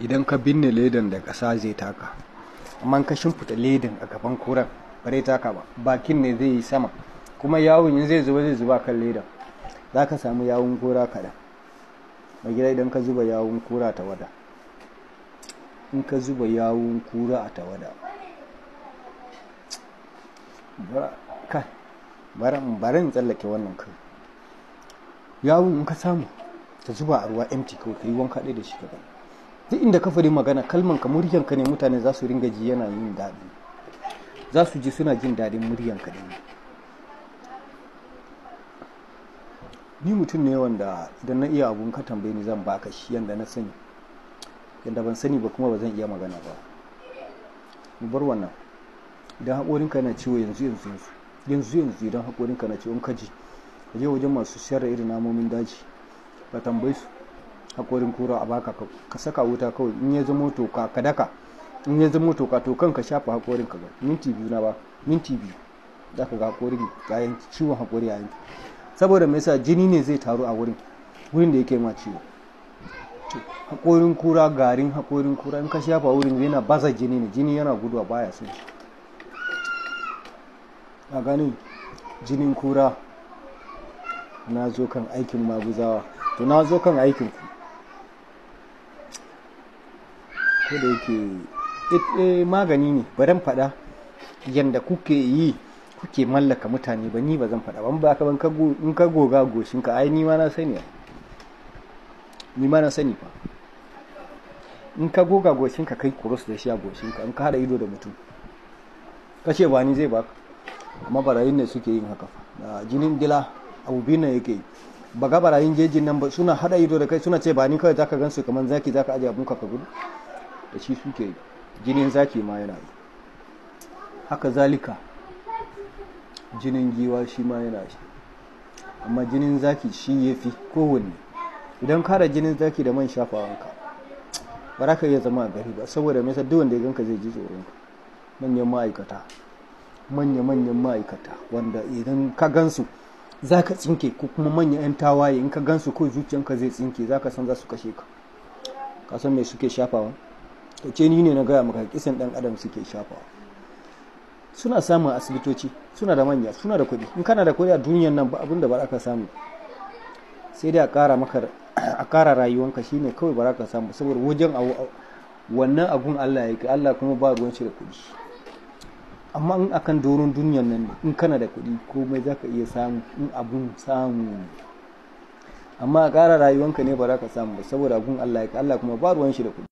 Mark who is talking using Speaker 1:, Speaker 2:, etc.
Speaker 1: idan ka binne ledan da ƙasa zai taka amma ka shimfita ledan a gaban kuran ba zai taka ba bakin ne zai yi sama kuma yawon in zai zuba zai zuba kan ledan za ka samu yawon kura kaɗan mai gida idan ka zuba yawon kura ta wada in ka zuba yawon kura a tawada bari in tsallake wannan kai yawon in ka samu ta zuba a ruwa empty kawai ka yi wanka ɗaya da shi kaɗan duk inda ka faɗi magana kalman ka muryan ka ne mutane za su ringa ji yana yin daɗi za su ji suna jin daɗin muryan ka ne ni mutum ne wanda idan na iya abun ka tambaye ni zan baka shi yanda na sani yanda ban sani ba kuma ba zan iya magana ba mu bar wannan idan haƙorinka na ciwo yanzu yanzu yanzu yanzu yanzu idan haƙorinka na ciwon kaji ka je wajen masu siyar da irin namomin daji ka tambaye su hakorin kura a baka ka saka wuta kawai in ya zama toka ka daka in ya zama toka to kan ka shafa hakorin ka ga minti biyu na ba minti biyu za ka ga hakorin ya yanki ciwon hakori ya yanki saboda me yasa jini ne zai taru a wurin wurin da yake ma ciwo hakorin kura garin hakorin kura in ka shafa wurin yana baza jini ne jini yana guduwa baya so a ganin jinin kura na zo kan aikin maguzawa to na zo kan aikin ku ko da yake eh, eh, magani ne baran faɗa yanda kuke yi kuke mallaka mutane ba ni ba zan faɗa ba ba ka ban in ka goga goshin ka ai ni ma na sani ni ma na sani fa in ka goga goshin ka kai kuros da shi a goshin ka in ka hada ido da mutum ka ce ba ni zai ba amma barayin ne suke yin haka da jinin dila abu biyu ne yake yi ba ga barayin jejin nan ba suna hada ido da kai suna ce ba ni kawai zaka gan su kamar zaki zaka aje abun ka ka gudu da shi suke jinin zaki ma yana yi haka zalika jinin giwa shi ma yana shi amma jinin zaki shi ya fi kowanne idan kara jinin zaki da man shafawanka ba za ka iya zama a gari ba saboda mai duk wanda ya ganka zai ji tsoron manyan ma'aikata manya-manyan ma'aikata wanda idan ka gansu za ka tsinke ko kuma manyan 'yan tawaye in ka gansu ko zuciyanka zai tsinke za ka san za su kashe ka ka san me suke shafawa to ce ni ne na gaya maka kisan dan adam suke shafa. suna samun asibitoci suna da manya suna da kuɗi in kana da kuɗi a duniyan nan ba abin da ba aka ka samu sai dai a ƙara maka a ne rayuwanka shine kawai ba za ka samu saboda wajen a wannan abun Allah ya yi Allah kuma ba ruwan shi da kuɗi amma in akan doron duniyan nan ne in kana da kuɗi komai za ka iya samu in abun samu amma a ƙara rayuwanka ne ba za ka samu ba saboda abun Allah ya yi Allah kuma ba ruwan shi da kuɗi